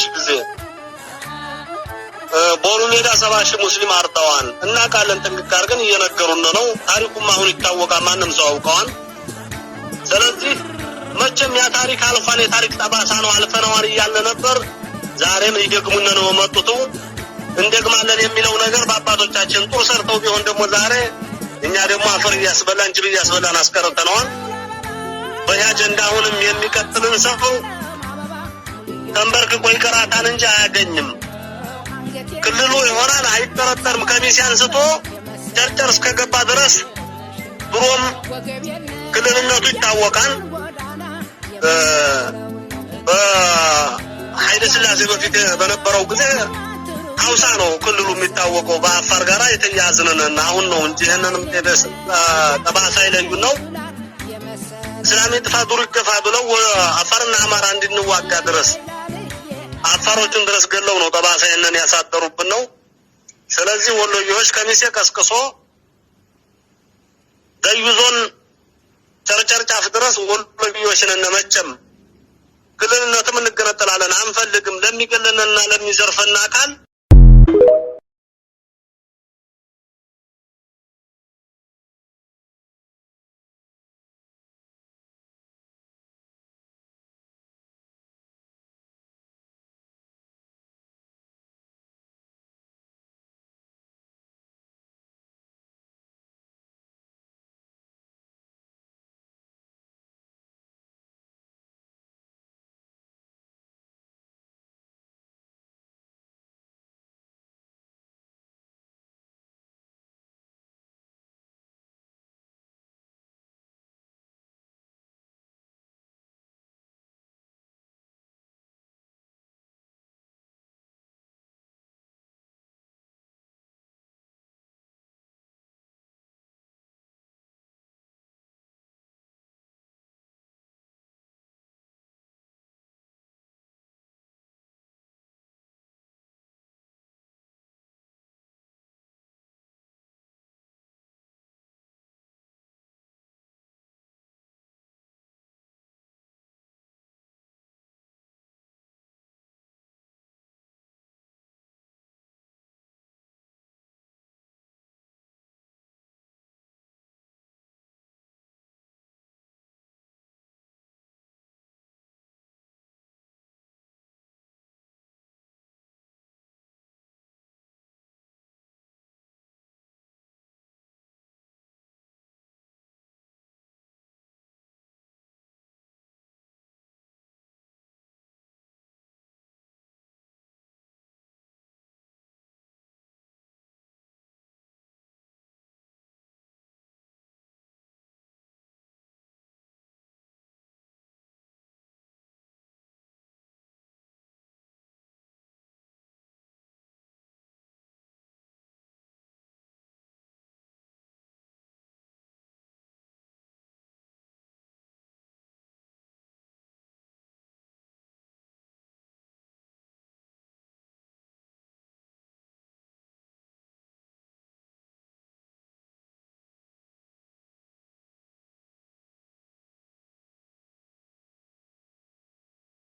ሺህ ጊዜ ቦሩ ሜዳ ሰባ ሺህ ሙስሊም አርጠዋል እና ቃለን ጥንቅቅ ግን እየነገሩን ነው። ታሪኩም አሁን ይታወቃል፣ ማንም ሰው አውቀዋል። ስለዚህ መቼም ያ ታሪክ አልፏል። የታሪክ ጠባሳ ነው፣ አልፈነዋል እያለ ነበር። ዛሬም ሊደግሙን ነው መጡቱ እንደግማለን የሚለው ነገር በአባቶቻችን ጡር ሰርተው ቢሆን ደግሞ ዛሬ እኛ ደግሞ አፈር እያስበላን ጅብ እያስበላን አስቀርተነዋል። በዚህ አጀንዳ አሁንም የሚቀጥልን ሰው ተንበርክኮ ይቀራታል እንጂ አያገኝም። ክልሉ ይሆናል አይጠረጠርም። ከሚሴ አንስቶ ጨርጨር እስከገባ ድረስ ብሮም ክልልነቱ ይታወቃል። በኃይለ ስላሴ በፊት በነበረው ጊዜ ሀውሳ ነው ክልሉ የሚታወቀው። በአፋር ጋራ የተያዝንን አሁን ነው እንጂ ይህንንም ጠባሳ ይለዩ ነው ስላሜ ጥፋ ዱር ይገፋ ብለው አፋርና አማራ እንድንዋጋ ድረስ አፋሮቹን ድረስ ገለው ነው ጠባሳ ይህንን ያሳደሩብን ነው። ስለዚህ ወሎዮች ከሚሴ ቀስቅሶ ደዩ ዞን ድረስ ወሎዮችን እነመጨም ክልልነትም እንገነጠላለን አንፈልግም ለሚገልንና ለሚዘርፈን አካል